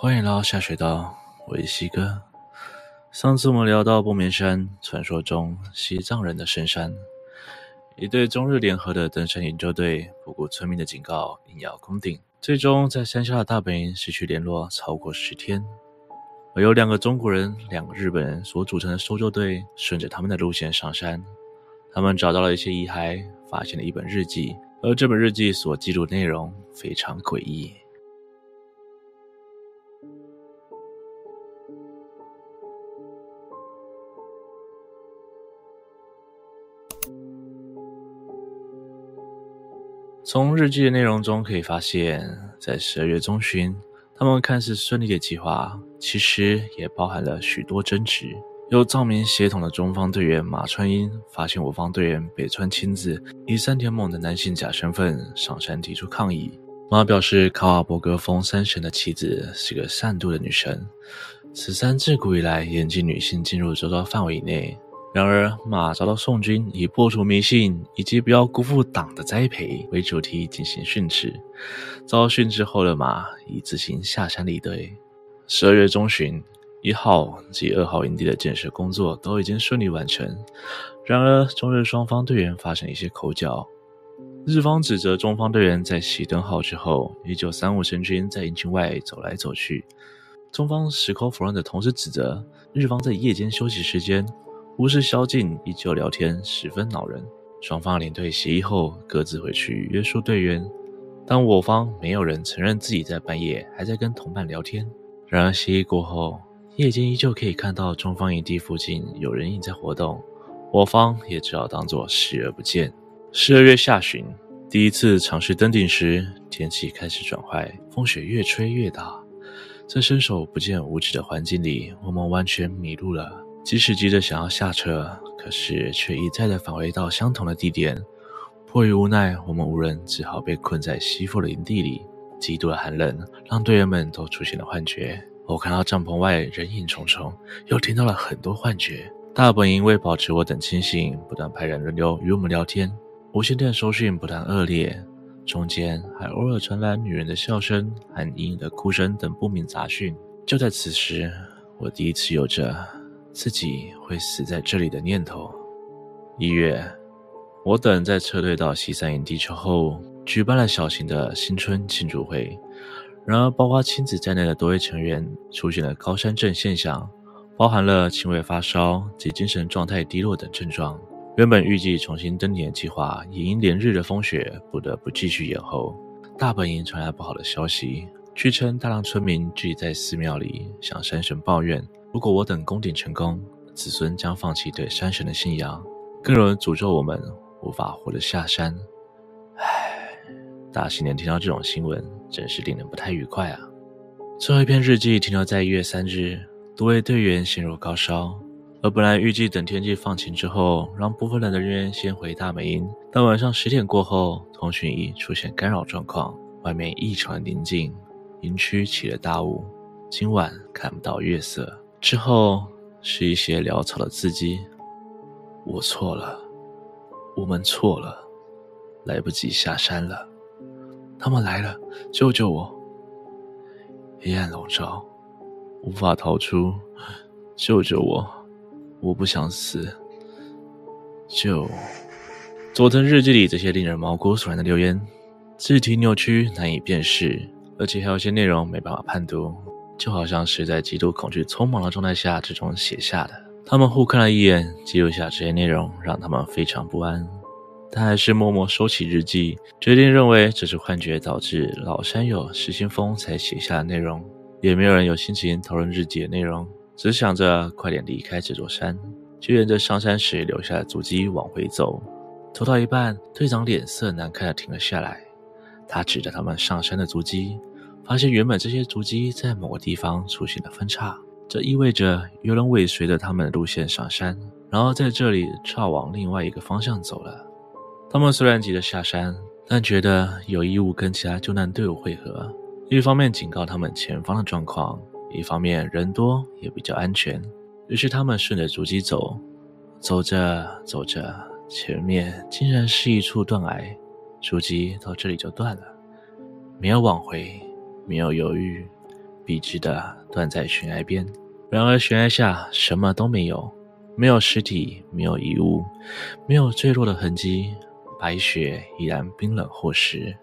歡迎來到下水道，我是西哥。上次我們聊到不眠山，傳說中西藏人的深山。一隊中日聯合的登山研究隊不顧村民的警告，硬要攻頂，最終在山下的大本營失去聯絡超過十天。而由兩個中國人、兩個日本人所組成的搜救隊，順着他們的路線上山，他們找到了一些遺骸，發現了一本日記，而這本日記所記錄的內容非常詭異。從日記的內容中可以發現，在十二月中旬，他們看似順利的計劃，其實也包含了許多爭執。由藏民協同的中方隊員馬川英發現，我方隊員北川親自以三田猛的男性假身份上山提出抗議，馬表示卡瓦伯格峰山神的妻子是個善妒的女神，此山自古以來嚴禁女性進入周遭範圍以內。然而，馬遭到宋軍以破除迷信以及不要辜負黨的栽培為主題進行訓斥。遭到訓斥後的馬已自行下山離隊。十二月中旬，一號及二號營地的建設工作都已經順利完成。然而，中日雙方隊員發生一些口角。日方指責中方隊員在熄燈號之後，依舊三五成群在營區外走來走去。中方矢口否認的同時指，指責日方在夜間休息時間無視宵禁依舊聊天，十分惱人。雙方領隊協議後，各自回去約束隊員。但我方沒有人承認自己在半夜還在跟同伴聊天。然而協議過後，夜間依舊可以看到中方營地附近有人影在活動，我方也只好當作視而不見。十二月下旬，第一次嘗試登頂時，天氣開始轉壞，風雪越吹越大，在伸手不見五指的環境裡，我們完全迷路了。即使急着想要下撤，可是卻一再的返回到相同的地點。迫於無奈，我們五人只好被困在西附的營地裡。極度的寒冷讓隊員們都出現了幻覺。我看到帳篷外人影重重，又聽到了很多幻覺。大本營為保持我等清醒，不斷派人輪流與我們聊天。無線電收訊不斷惡劣，中間還偶爾傳來女人的笑聲和隱隱的哭聲等不明雜訊。就在此時，我第一次有着自己會死在這裡的念頭。一月，我等在撤退到 C3 營地之後，舉辦了小型的新春慶祝會。然而，包括親子在內的多位成員出現了高山症現象，包含了輕微發燒及精神狀態低落等症狀。原本預計重新登頂的計劃，也因連日的風雪不得不繼續延後。大本營傳來不好的消息，據稱大量村民聚集在寺廟裡向山神抱怨。如果我等攻頂成功，子孫將放棄對山神的信仰，更有人詛咒我們無法活着下山。唉，大新年聽到這種新聞，真是令人不太愉快啊。最後一篇日記停留在一月三日，多位隊員陷入高燒，而本來預計等天氣放晴之後，讓部分人的人員先回大本營，但晚上十點過後，通訊已出現干擾狀況，外面異常寧靜，營區起了大霧，今晚看不到月色。之後是一些潦草的字跡：“我錯了，我們錯了，來不及下山了，他們來了，救救我！”黑暗籠罩，無法逃出，救救我！我不想死。救。佐藤日記裡這些令人毛骨悚然的留言，字體扭曲難以辨識，而且還有些內容沒辦法判讀。就好像是在極度恐懼、匆忙的狀態下這種寫下的。他們互看了一眼，記錄下這些內容，讓他們非常不安。但還是默默收起日記，決定認為這是幻覺，導致老山友失心瘋才寫下的內容。也沒有人有心情討論日記的內容，只想着快點離開這座山，就沿着上山時留下的足跡往回走。走到一半，隊長臉色難看的停了下來，他指着他們上山的足跡。發現原本這些足迹在某個地方出現了分叉，這意味着有人尾隨着他們的路線上山，然後在這裡岔往另外一個方向走了。他們雖然急着下山，但覺得有義務跟其他救難隊伍匯合，一方面警告他們前方的狀況，一方面人多也比較安全。於是他們順着足迹走，走着走着，前面竟然是一處斷崖，足迹到這裡就斷了，沒有往回。沒有猶豫，筆直的斷在懸崖邊。然而懸崖下什麼都沒有，沒有屍體，沒有遺物，沒有墜落的痕跡。白雪依然冰冷厚實。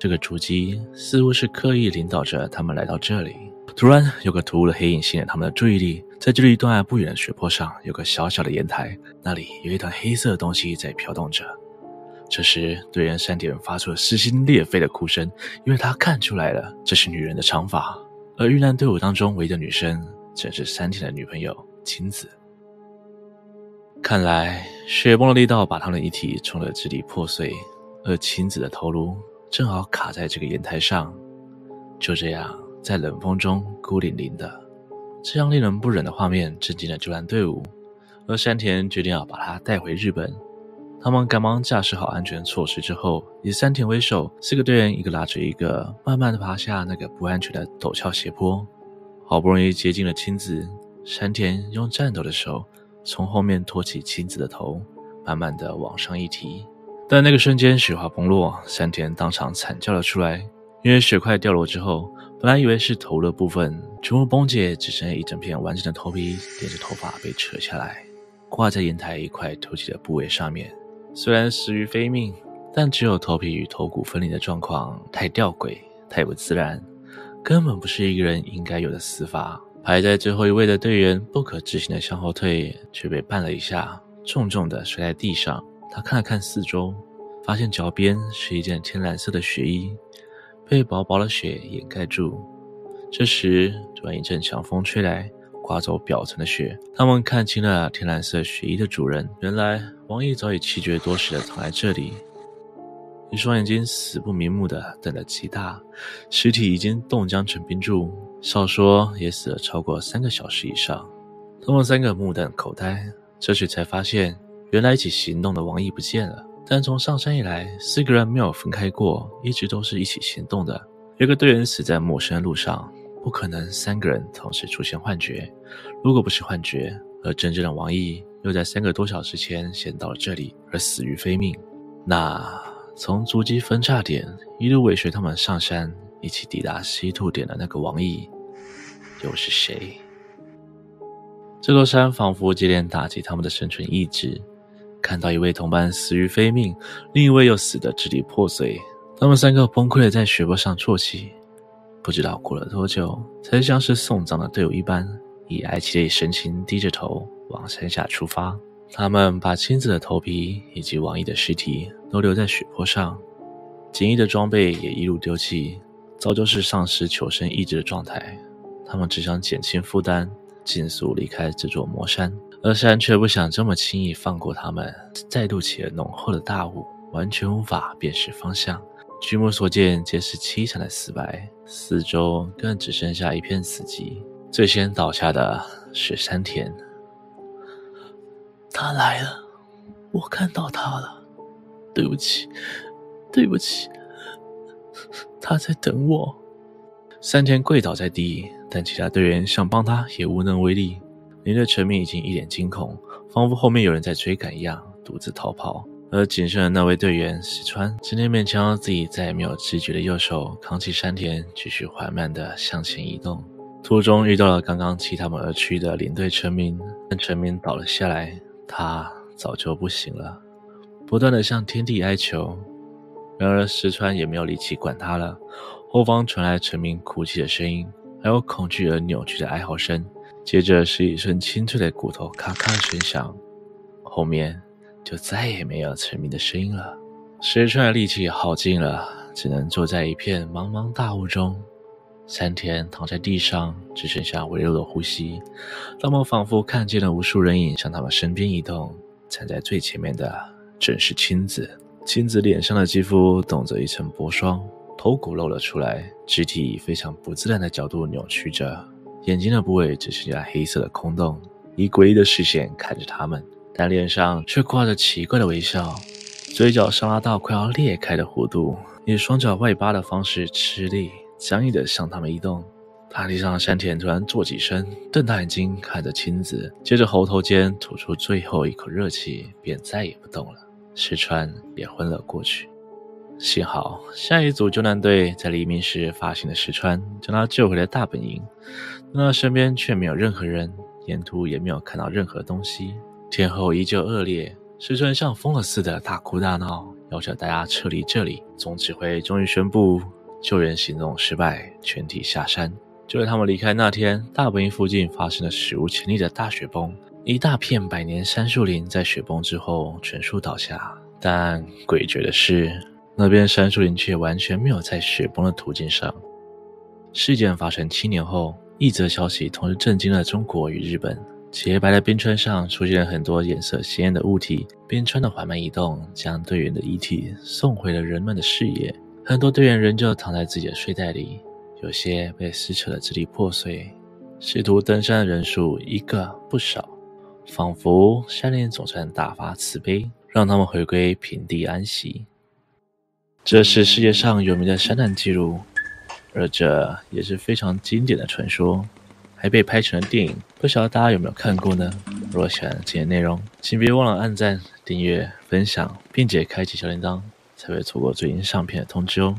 這個足跡似乎是刻意引導着他們來到這裡。突然，有個突兀的黑影吸引了他們的注意力。在距離斷崖不遠的雪坡上，有個小小的岩台，那裡有一團黑色的東西在飄動着。這時，隊員山田發出了撕心裂肺的哭聲，因為他看出來了，這是女人的長髮。而遇難隊伍當中唯一的女生，正是山田的女朋友晴子。看來，雪崩的力道把她的遺體沖得支離破碎，而晴子的頭顱正好卡在這個岩台上，就這樣在冷風中孤零零的。這樣令人不忍的畫面震驚了救援隊伍，而山田決定要把她帶回日本。他們趕忙架設好安全措施之後，以山田為首，四個隊員一個拉着一個，慢慢地爬下那個不安全的陡峭斜坡。好不容易接近了妻子，山田用顫抖的手從後面托起妻子的頭，慢慢地往上一提。但那個瞬間，雪花崩落，山田當場慘叫了出來。因為雪塊掉落之後，本來以為是頭的部分全部崩解，只剩一整片完整的頭皮連着頭髮被扯下來，掛在岩台一塊凸起的部位上面。雖然死於非命，但只有頭皮與頭骨分離的狀況太弔詭、太不自然，根本不是一個人應該有的死法。排在最後一位的隊員不可置信地向後退，卻被絆了一下，重重地摔在地上。他看了看四周，發現腳邊是一件天藍色的雪衣，被薄薄的雪掩蓋住。這時突然一陣強風吹來。颳走表層的雪，他們看清了天藍色雪衣的主人。原來王毅早已氣絕多時的躺在這裡，一雙眼睛死不瞑目的瞪得極大，屍體已經凍僵成冰柱，少說也死了超過三個小時以上。他們三個目瞪口呆，這時才發現原來一起行動的王毅不見了。但從上山以來，四個人沒有分開過，一直都是一起行動的。有個隊員死在陌生的路上。不可能，三個人同時出現幻覺。如果不是幻覺，而真正的王毅又在三個多小時前先到了這裡而死於非命，那從足跡分叉點一路尾隨他們上山，一起抵達西土點的那個王毅，又是誰？這座山仿佛接連打擊他們的生存意志。看到一位同伴死於非命，另一位又死得支離破碎，他們三個崩潰地在血泊上啜泣。不知道過了多久，才像是送葬的隊伍一般，以哀戚的神情低着頭往山下出發。他們把金子的頭皮以及王毅的屍體都留在血泊上，簡易的裝備也一路丟棄，早就是喪失求生意志的狀態。他們只想減輕負擔，儘速離開這座魔山。而山卻不想這麼輕易放過他們，再度起了濃厚的大霧，完全無法辨識方向。舉目所見，皆是淒慘的死白，四周更只剩下一片死寂。最先倒下的，是山田。他來了，我看到他了。對不起，對不起，他在等我。山田跪倒在地，但其他隊員想幫他也無能為力。林隊成員已經一臉驚恐，仿佛後面有人在追趕一樣，獨自逃跑。而僅剩的那位隊員石川，只能勉強讓自己再也沒有知覺的右手扛起山田，繼續緩慢地向前移動。途中遇到了剛剛棄他們而去的領隊陳明，但陳明倒了下來，他早就不行了，不斷地向天地哀求。然而石川也沒有力氣管他了。後方傳來陳明哭泣的聲音，還有恐懼而扭曲的哀嚎聲，接着是一聲清脆的骨頭咔咔的聲響，後面。就再也沒有沉眠的聲音了。石川出來的力氣也耗盡了，只能坐在一片茫茫大霧中。山田躺在地上，只剩下微弱的呼吸。他們仿佛看見了無數人影向他們身邊移動，站在最前面的正是青子。青子臉上的肌膚凍着一層薄霜，頭骨露了出來，肢體以非常不自然的角度扭曲着，眼睛的部位只剩下黑色的空洞，以詭異的視線看着他們。但臉上卻掛着奇怪的微笑，嘴角上拉到快要裂開的弧度，以雙腳外八的方式吃力、僵硬地向他們移動。大地上的山田突然坐起身，瞪大眼睛看着青子，接着喉頭間吐出最後一口熱氣，便再也不動了。石川也昏了過去。幸好下一組救難隊在黎明時發現了石川，將他救回了大本營。但他身邊卻沒有任何人，沿途也沒有看到任何東西。天候依舊惡劣，師尊像瘋了似的，大哭大鬧，要求大家撤離這裡。總指揮終於宣布救援行動失敗，全體下山。就在他們離開那天，大本營附近發生了史無前例的大雪崩，一大片百年杉樹林在雪崩之後全數倒下。但詭譎的是，那邊杉樹林卻完全沒有在雪崩的途徑上。事件發生七年後，一則消息同時震驚了中國與日本。潔白的冰川上出現了很多顏色鮮豔的物體，冰川的緩慢移動將隊員的遺體送回了人們的視野。很多隊員仍舊躺在自己的睡袋裡，有些被撕扯的支離破碎。試圖登山的人數一個不少，仿佛山林總算大發慈悲，讓他們回歸平地安息。這是世界上有名的山難記錄，而這也是非常經典的傳說。還被拍成了電影，不曉得大家有沒有看過呢？如果喜歡今天內容，請別忘了按讚、訂閱、分享，並且開啟小鈴鐺，才會錯過最新上片的通知哦。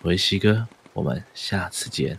我是希哥，我們下次見。